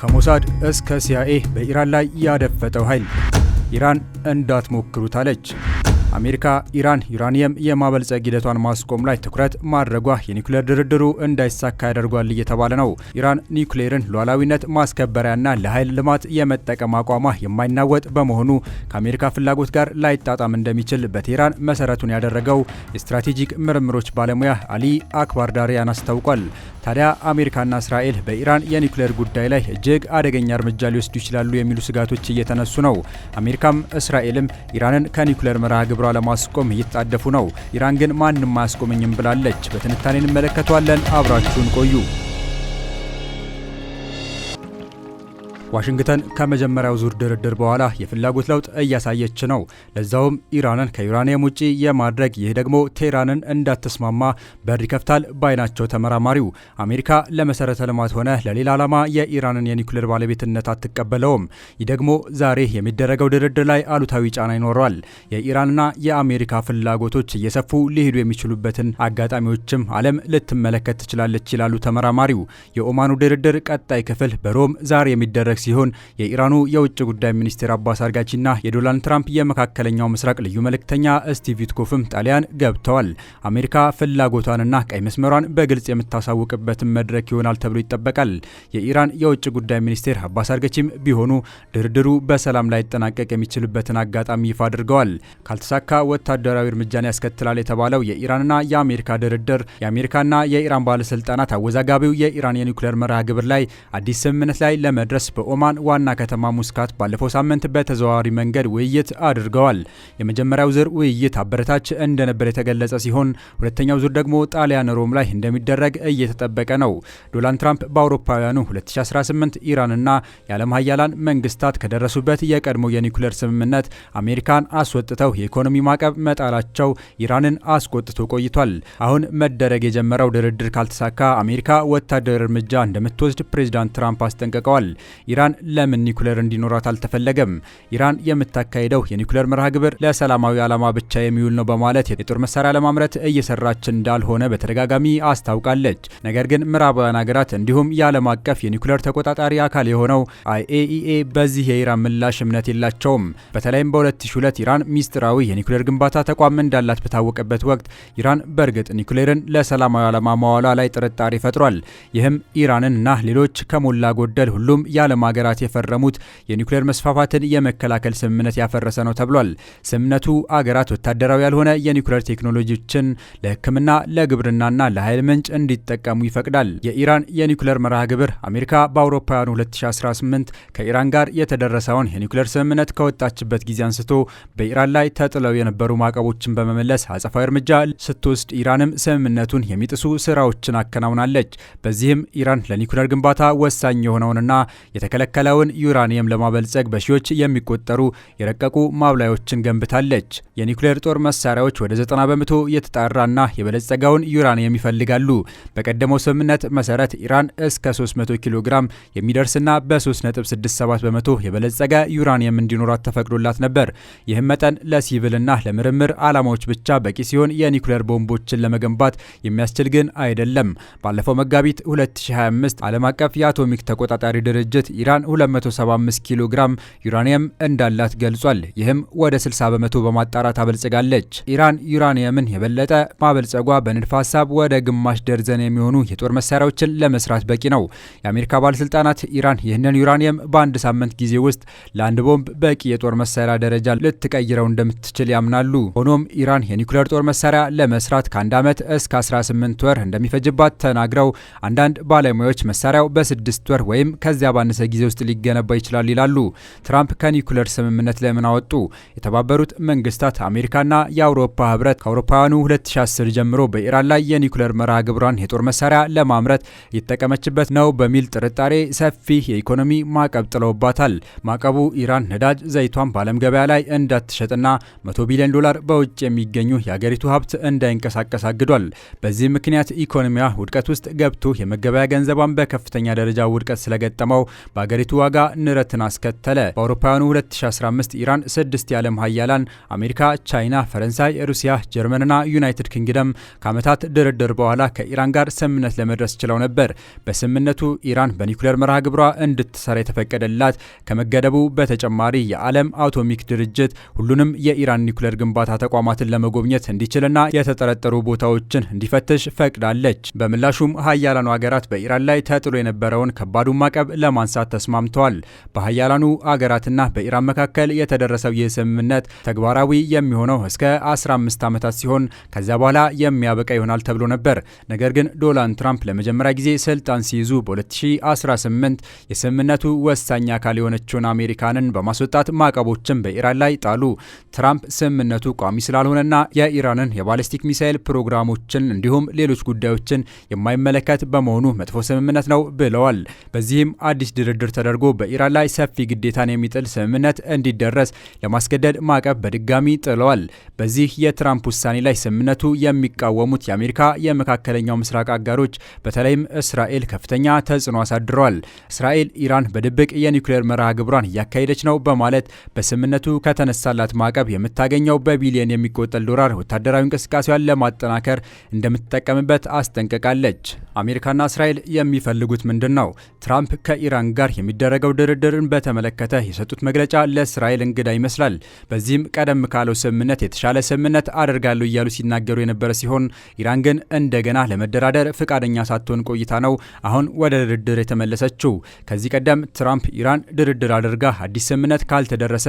ከሞሳድ እስከ ሲያኤ በኢራን ላይ ያደፈጠው ኃይል ኢራን እንዳትሞክሩት አለች። አሜሪካ ኢራን ዩራኒየም የማበልጸግ ሂደቷን ማስቆም ላይ ትኩረት ማድረጓ የኒውክሌር ድርድሩ እንዳይሳካ ያደርጓል እየተባለ ነው። ኢራን ኒውክሌርን ሉዓላዊነት ማስከበሪያና ለኃይል ልማት የመጠቀም አቋሟ የማይናወጥ በመሆኑ ከአሜሪካ ፍላጎት ጋር ላይጣጣም እንደሚችል በቴህራን መሰረቱን ያደረገው የስትራቴጂክ ምርምሮች ባለሙያ አሊ አክባር ዳሪያን አስታውቋል። ታዲያ አሜሪካና እስራኤል በኢራን የኒውክሌር ጉዳይ ላይ እጅግ አደገኛ እርምጃ ሊወስዱ ይችላሉ የሚሉ ስጋቶች እየተነሱ ነው። አሜሪካም እስራኤልም ኢራንን ከኒውክሌር መርሃ ግብር ተባብራ ለማስቆም እየተጣደፉ ነው። ኢራን ግን ማንም አያስቆመኝም ብላለች። በትንታኔ እንመለከተዋለን። አብራችሁን ቆዩ። ዋሽንግተን ከመጀመሪያው ዙር ድርድር በኋላ የፍላጎት ለውጥ እያሳየች ነው። ለዛውም ኢራንን ከዩራኒየም ውጪ የማድረግ ይህ ደግሞ ቴህራንን እንዳትስማማ በር ይከፍታል ባይናቸው ተመራማሪው። አሜሪካ ለመሰረተ ልማት ሆነ ለሌላ ዓላማ የኢራንን የኒውክሌር ባለቤትነት አትቀበለውም። ይህ ደግሞ ዛሬ የሚደረገው ድርድር ላይ አሉታዊ ጫና ይኖረዋል። የኢራንና የአሜሪካ ፍላጎቶች እየሰፉ ሊሄዱ የሚችሉበትን አጋጣሚዎችም ዓለም ልትመለከት ትችላለች ይላሉ ተመራማሪው። የኦማኑ ድርድር ቀጣይ ክፍል በሮም ዛሬ የሚደረግ ሲሆን የኢራኑ የውጭ ጉዳይ ሚኒስቴር አባስ አርጋቺና የዶናልድ ትራምፕ የመካከለኛው ምስራቅ ልዩ መልእክተኛ ስቲቭ ዊትኮፍም ጣሊያን ገብተዋል። አሜሪካ ፍላጎቷንና ቀይ መስመሯን በግልጽ የምታሳውቅበትን መድረክ ይሆናል ተብሎ ይጠበቃል። የኢራን የውጭ ጉዳይ ሚኒስቴር አባስ አርገቺም ቢሆኑ ድርድሩ በሰላም ላይ ጠናቀቅ የሚችልበትን አጋጣሚ ይፋ አድርገዋል። ካልተሳካ ወታደራዊ እርምጃን ያስከትላል የተባለው የኢራንና የአሜሪካ ድርድር የአሜሪካና የኢራን ባለስልጣናት አወዛጋቢው የኢራን የኒውክሌር መርሃ ግብር ላይ አዲስ ስምምነት ላይ ለመድረስ በ በኦማን ዋና ከተማ ሙስካት ባለፈው ሳምንት በተዘዋዋሪ መንገድ ውይይት አድርገዋል። የመጀመሪያው ዙር ውይይት አበረታች እንደነበር የተገለጸ ሲሆን ሁለተኛው ዙር ደግሞ ጣሊያን ሮም ላይ እንደሚደረግ እየተጠበቀ ነው። ዶናልድ ትራምፕ በአውሮፓውያኑ 2018 ኢራንና የዓለም ሀያላን መንግስታት ከደረሱበት የቀድሞ የኒኩሌር ስምምነት አሜሪካን አስወጥተው የኢኮኖሚ ማዕቀብ መጣላቸው ኢራንን አስቆጥቶ ቆይቷል። አሁን መደረግ የጀመረው ድርድር ካልተሳካ አሜሪካ ወታደር እርምጃ እንደምትወስድ ፕሬዚዳንት ትራምፕ አስጠንቅቀዋል። ኢራን ለምን ኒኩሌር እንዲኖራት አልተፈለገም? ኢራን የምታካሄደው የኒኩሌር መርሃ ግብር ለሰላማዊ ዓላማ ብቻ የሚውል ነው በማለት የጦር መሳሪያ ለማምረት እየሰራች እንዳልሆነ በተደጋጋሚ አስታውቃለች። ነገር ግን ምዕራባውያን ሀገራት እንዲሁም የዓለም አቀፍ የኒኩሌር ተቆጣጣሪ አካል የሆነው አይኤኢኤ በዚህ የኢራን ምላሽ እምነት የላቸውም። በተለይም በ2002 ኢራን ሚስጥራዊ የኒኩሌር ግንባታ ተቋም እንዳላት በታወቀበት ወቅት ኢራን በእርግጥ ኒኩሌርን ለሰላማዊ ዓላማ መዋሏ ላይ ጥርጣሬ ፈጥሯል። ይህም ኢራንን እና ሌሎች ከሞላ ጎደል ሁሉም የዓለም ሁሉም ሀገራት የፈረሙት የኒውክሌር መስፋፋትን የመከላከል ስምምነት ያፈረሰ ነው ተብሏል። ስምምነቱ አገራት ወታደራዊ ያልሆነ የኒውክሌር ቴክኖሎጂዎችን ለሕክምና፣ ለግብርናና ለኃይል ምንጭ እንዲጠቀሙ ይፈቅዳል። የኢራን የኒውክሌር መርሃ ግብር አሜሪካ በአውሮፓውያኑ 2018 ከኢራን ጋር የተደረሰውን የኒውክሌር ስምምነት ከወጣችበት ጊዜ አንስቶ በኢራን ላይ ተጥለው የነበሩ ማዕቀቦችን በመመለስ አጸፋዊ እርምጃ ስትወስድ ኢራንም ስምምነቱን የሚጥሱ ስራዎችን አከናውናለች። በዚህም ኢራን ለኒውክሌር ግንባታ ወሳኝ የሆነውንና የተከለከለውን ዩራኒየም ለማበልጸግ በሺዎች የሚቆጠሩ የረቀቁ ማብላዮችን ገንብታለች። የኒውክሌር ጦር መሳሪያዎች ወደ 90 በመቶ የተጣራና የበለጸገውን ዩራኒየም ይፈልጋሉ። በቀደመው ስምምነት መሰረት ኢራን እስከ 300 ኪሎ ግራም የሚደርስና በ3.67 በመቶ የበለጸገ ዩራኒየም እንዲኖራት ተፈቅዶላት ነበር። ይህም መጠን ለሲቪልና ለምርምር ዓላማዎች ብቻ በቂ ሲሆን የኒውክሌር ቦምቦችን ለመገንባት የሚያስችል ግን አይደለም። ባለፈው መጋቢት 2025 ዓለም አቀፍ የአቶሚክ ተቆጣጣሪ ድርጅት ኢራን 275 ኪሎ ግራም ዩራኒየም እንዳላት ገልጿል። ይህም ወደ 60 በመቶ በማጣራት አበልጽጋለች። ኢራን ዩራኒየምን የበለጠ ማበልጸጓ በንድፈ ሀሳብ ወደ ግማሽ ደርዘን የሚሆኑ የጦር መሳሪያዎችን ለመስራት በቂ ነው። የአሜሪካ ባለስልጣናት ኢራን ይህንን ዩራኒየም በአንድ ሳምንት ጊዜ ውስጥ ለአንድ ቦምብ በቂ የጦር መሳሪያ ደረጃ ልትቀይረው እንደምትችል ያምናሉ። ሆኖም ኢራን የኒኩሌር ጦር መሳሪያ ለመስራት ከአንድ ዓመት እስከ 18 ወር እንደሚፈጅባት ተናግረው አንዳንድ ባለሙያዎች መሳሪያው በስድስት ወር ወይም ከዚያ ባነሰ ጊዜ ውስጥ ሊገነባ ይችላል ይላሉ። ትራምፕ ከኒኩለር ስምምነት ለምን አወጡ? የተባበሩት መንግስታት አሜሪካና የአውሮፓ ህብረት ከአውሮፓውያኑ 2010 ጀምሮ በኢራን ላይ የኒኩለር መርሃ ግብሯን የጦር መሳሪያ ለማምረት እየተጠቀመችበት ነው በሚል ጥርጣሬ ሰፊ የኢኮኖሚ ማዕቀብ ጥለውባታል። ማዕቀቡ ኢራን ነዳጅ ዘይቷን በዓለም ገበያ ላይ እንዳትሸጥና 100 ቢሊዮን ዶላር በውጭ የሚገኙ የአገሪቱ ሀብት እንዳይንቀሳቀስ አግዷል። በዚህ ምክንያት ኢኮኖሚዋ ውድቀት ውስጥ ገብቶ የመገበያ ገንዘቧን በከፍተኛ ደረጃ ውድቀት ስለገጠመው በ በአገሪቱ ዋጋ ንረትን አስከተለ። በአውሮፓውያኑ 2015 ኢራን ስድስት የዓለም ሀያላን አሜሪካ፣ ቻይና፣ ፈረንሳይ፣ ሩሲያ፣ ጀርመንና ዩናይትድ ኪንግደም ከዓመታት ድርድር በኋላ ከኢራን ጋር ስምምነት ለመድረስ ችለው ነበር። በስምምነቱ ኢራን በኒውክሌር መርሃ ግብሯ እንድትሰራ የተፈቀደላት ከመገደቡ በተጨማሪ የዓለም አቶሚክ ድርጅት ሁሉንም የኢራን ኒውክሌር ግንባታ ተቋማትን ለመጎብኘት እንዲችልና የተጠረጠሩ ቦታዎችን እንዲፈትሽ ፈቅዳለች። በምላሹም ሀያላኑ ሀገራት በኢራን ላይ ተጥሎ የነበረውን ከባዱን ማዕቀብ ለማንሳት ተስማምተዋል። በሀያላኑ አገራትና በኢራን መካከል የተደረሰው ይህ ስምምነት ተግባራዊ የሚሆነው እስከ 15 ዓመታት ሲሆን ከዚያ በኋላ የሚያበቃ ይሆናል ተብሎ ነበር። ነገር ግን ዶናልድ ትራምፕ ለመጀመሪያ ጊዜ ስልጣን ሲይዙ በ2018 የስምምነቱ ወሳኝ አካል የሆነችውን አሜሪካንን በማስወጣት ማዕቀቦችን በኢራን ላይ ጣሉ። ትራምፕ ስምምነቱ ቋሚ ስላልሆነና የኢራንን የባለስቲክ ሚሳይል ፕሮግራሞችን እንዲሁም ሌሎች ጉዳዮችን የማይመለከት በመሆኑ መጥፎ ስምምነት ነው ብለዋል። በዚህም አዲስ ድርድር ድርድር ተደርጎ በኢራን ላይ ሰፊ ግዴታን የሚጥል ስምምነት እንዲደረስ ለማስገደድ ማዕቀብ በድጋሚ ጥለዋል። በዚህ የትራምፕ ውሳኔ ላይ ስምምነቱ የሚቃወሙት የአሜሪካ የመካከለኛው ምስራቅ አጋሮች በተለይም እስራኤል ከፍተኛ ተጽዕኖ አሳድረዋል። እስራኤል ኢራን በድብቅ የኒውክሌር መርሃ ግብሯን እያካሄደች ነው በማለት በስምምነቱ ከተነሳላት ማዕቀብ የምታገኘው በቢሊዮን የሚቆጠል ዶላር ወታደራዊ እንቅስቃሴዋን ለማጠናከር እንደምትጠቀምበት አስጠንቅቃለች። አሜሪካና እስራኤል የሚፈልጉት ምንድን ነው? ትራምፕ ከኢራን ጋር የሚደረገው ድርድርን በተመለከተ የሰጡት መግለጫ ለእስራኤል እንግዳ ይመስላል። በዚህም ቀደም ካለው ስምምነት የተሻለ ስምምነት አደርጋለሁ እያሉ ሲናገሩ የነበረ ሲሆን ኢራን ግን እንደገና ለመደራደር ፈቃደኛ ሳትሆን ቆይታ ነው አሁን ወደ ድርድር የተመለሰችው። ከዚህ ቀደም ትራምፕ ኢራን ድርድር አድርጋ አዲስ ስምምነት ካልተደረሰ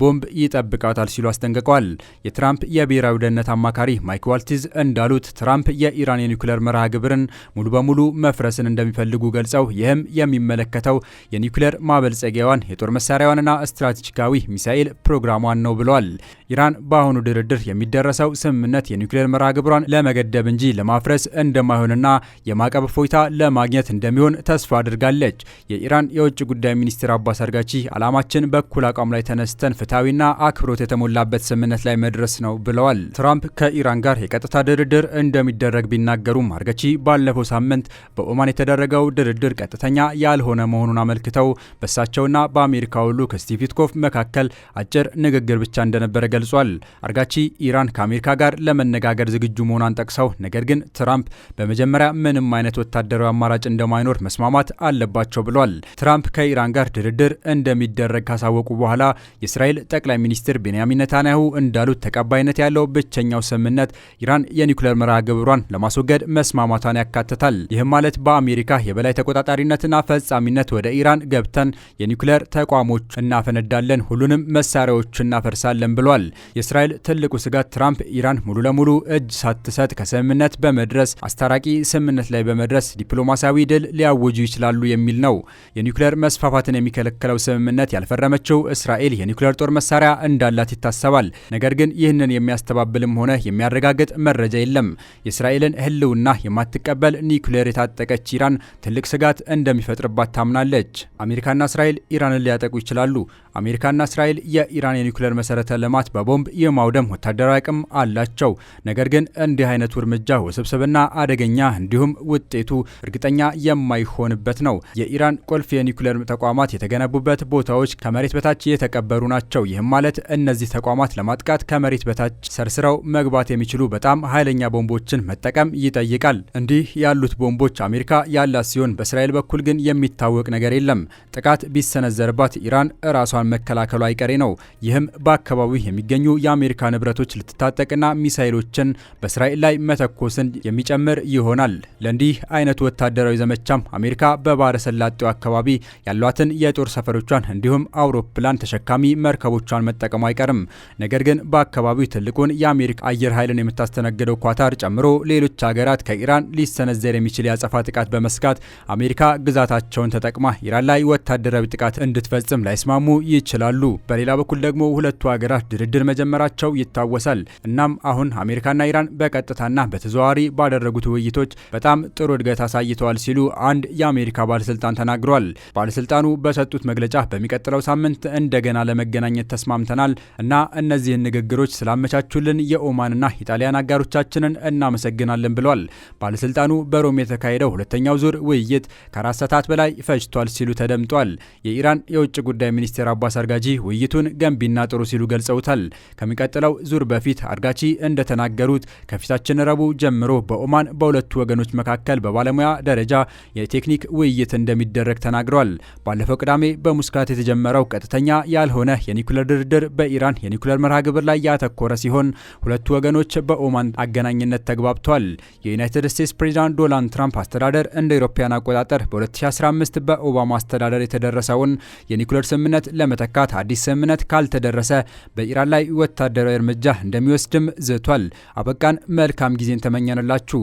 ቦምብ ይጠብቃታል ሲሉ አስጠንቅቀዋል። የትራምፕ የብሔራዊ ደህንነት አማካሪ ማይክ ዋልቲዝ እንዳሉት ትራምፕ የኢራን የኒውክሌር መርሃ ግብርን ሙሉ በሙሉ መፍረስን እንደሚፈልጉ ገልጸው ይህም የሚመለከተው የኒውክሌር ማበልጸጊያዋን የጦር መሳሪያዋንና ስትራቴጂካዊ ሚሳኤል ፕሮግራሟን ነው ብለዋል። ኢራን በአሁኑ ድርድር የሚደረሰው ስምምነት የኒውክሌር መርሃ ግብሯን ለመገደብ እንጂ ለማፍረስ እንደማይሆንና የማዕቀብ እፎይታ ለማግኘት እንደሚሆን ተስፋ አድርጋለች። የኢራን የውጭ ጉዳይ ሚኒስትር አባስ አርጋቺ ዓላማችን በኩል አቋም ላይ ተነስተን ፍትሐዊና አክብሮት የተሞላበት ስምምነት ላይ መድረስ ነው ብለዋል። ትራምፕ ከኢራን ጋር የቀጥታ ድርድር እንደሚደረግ ቢናገሩም አርጋቺ ባለፈው ሳምንት በኦማን የተደረገው ድርድር ቀጥተኛ ያልሆነ መሆኑን አመልክተው በእሳቸውና በአሜሪካ ሁሉ ከስቲቭ ዊትኮፍ መካከል አጭር ንግግር ብቻ እንደነበረ ገልጿል። አርጋቺ ኢራን ከአሜሪካ ጋር ለመነጋገር ዝግጁ መሆኗን ጠቅሰው ነገር ግን ትራምፕ በመጀመሪያ ምንም አይነት ወታደራዊ አማራጭ እንደማይኖር መስማማት አለባቸው ብሏል። ትራምፕ ከኢራን ጋር ድርድር እንደሚደረግ ካሳወቁ በኋላ የእስራኤል ጠቅላይ ሚኒስትር ቤንያሚን ነታንያሁ እንዳሉት ተቀባይነት ያለው ብቸኛው ስምምነት ኢራን የኒውክሌር መርሃ ግብሯን ለማስወገድ መስማማቷን ያካትታል። ይህም ማለት በአሜሪካ የበላይ ተቆጣጣሪነትና ፈጻሚነት ወደ ኢራን ገብተን የኒውክሌር ተቋሞች እናፈነዳለን፣ ሁሉንም መሳሪያዎች እናፈርሳለን ብሏል። የእስራኤል ትልቁ ስጋት ትራምፕ ኢራን ሙሉ ለሙሉ እጅ ሳትሰጥ ከስምምነት በመድረስ አስታራቂ ስምምነት ላይ በመድረስ ዲፕሎማሲያዊ ድል ሊያውጁ ይችላሉ የሚል ነው። የኒውክሌር መስፋፋትን የሚከለከለው ስምምነት ያልፈረመችው እስራኤል የኒውክሌር ጦር መሳሪያ እንዳላት ይታሰባል። ነገር ግን ይህንን የሚያስተባብልም ሆነ የሚያረጋግጥ መረጃ የለም። የእስራኤልን ህልውና የማትቀበል ኒውክሌር የታጠቀች ኢራን ትልቅ ስጋት እንደሚፈጥርባት ታምናለች። አለች። አሜሪካና እስራኤል ኢራንን ሊያጠቁ ይችላሉ፣ አሜሪካና እስራኤል የኢራን የኒውክሌር መሰረተ ልማት በቦምብ የማውደም ወታደራዊ አቅም አላቸው። ነገር ግን እንዲህ አይነቱ እርምጃ ውስብስብና አደገኛ እንዲሁም ውጤቱ እርግጠኛ የማይሆንበት ነው። የኢራን ቁልፍ የኒውክሌር ተቋማት የተገነቡበት ቦታዎች ከመሬት በታች የተቀበሩ ናቸው። ይህም ማለት እነዚህ ተቋማት ለማጥቃት ከመሬት በታች ሰርስረው መግባት የሚችሉ በጣም ኃይለኛ ቦምቦችን መጠቀም ይጠይቃል። እንዲህ ያሉት ቦምቦች አሜሪካ ያላት ሲሆን በእስራኤል በኩል ግን የሚታወቅ ነገር የለም። ጥቃት ቢሰነዘርባት ኢራን ራሷ መከላከሉ አይቀሬ ነው። ይህም በአካባቢው የሚገኙ የአሜሪካ ንብረቶች ልትታጠቅና ሚሳይሎችን በእስራኤል ላይ መተኮስን የሚጨምር ይሆናል። ለእንዲህ አይነቱ ወታደራዊ ዘመቻም አሜሪካ በባህረ ሰላጤው አካባቢ ያሏትን የጦር ሰፈሮቿን እንዲሁም አውሮፕላን ተሸካሚ መርከቦቿን መጠቀሙ አይቀርም። ነገር ግን በአካባቢው ትልቁን የአሜሪካ አየር ኃይልን የምታስተናግደው ኳታር ጨምሮ ሌሎች ሀገራት ከኢራን ሊሰነዘር የሚችል የአጸፋ ጥቃት በመስጋት አሜሪካ ግዛታቸውን ተጠቅማ ኢራን ላይ ወታደራዊ ጥቃት እንድትፈጽም ላይስማሙ ይችላሉ። በሌላ በኩል ደግሞ ሁለቱ ሀገራት ድርድር መጀመራቸው ይታወሳል። እናም አሁን አሜሪካና ኢራን በቀጥታና በተዘዋዋሪ ባደረጉት ውይይቶች በጣም ጥሩ እድገት አሳይተዋል ሲሉ አንድ የአሜሪካ ባለስልጣን ተናግሯል። ባለስልጣኑ በሰጡት መግለጫ በሚቀጥለው ሳምንት እንደገና ለመገናኘት ተስማምተናል እና እነዚህን ንግግሮች ስላመቻቹልን የኦማንና ኢጣሊያን አጋሮቻችንን እናመሰግናለን ብሏል። ባለስልጣኑ በሮም የተካሄደው ሁለተኛው ዙር ውይይት ከአራት ሰዓታት በላይ ፈጅቷል ሲሉ ተደምጧል። የኢራን የውጭ ጉዳይ ሚኒስቴር አባ ኳስ አርጋጂ ውይይቱን ገንቢና ጥሩ ሲሉ ገልጸውታል። ከሚቀጥለው ዙር በፊት አርጋጂ እንደተናገሩት ከፊታችን ረቡዕ ጀምሮ በኦማን በሁለቱ ወገኖች መካከል በባለሙያ ደረጃ የቴክኒክ ውይይት እንደሚደረግ ተናግረዋል። ባለፈው ቅዳሜ በሙስካት የተጀመረው ቀጥተኛ ያልሆነ የኒኩለር ድርድር በኢራን የኒኩለር መርሃ ግብር ላይ ያተኮረ ሲሆን ሁለቱ ወገኖች በኦማን አገናኝነት ተግባብተዋል። የዩናይትድ ስቴትስ ፕሬዚዳንት ዶናልድ ትራምፕ አስተዳደር እንደ አውሮፓውያን አቆጣጠር በ2015 በኦባማ አስተዳደር የተደረሰውን የኒኩለር ስምምነት ለ ለመተካት አዲስ ስምምነት ካልተደረሰ በኢራን ላይ ወታደራዊ እርምጃ እንደሚወስድም ዝቷል። አበቃን። መልካም ጊዜን ተመኘንላችሁ።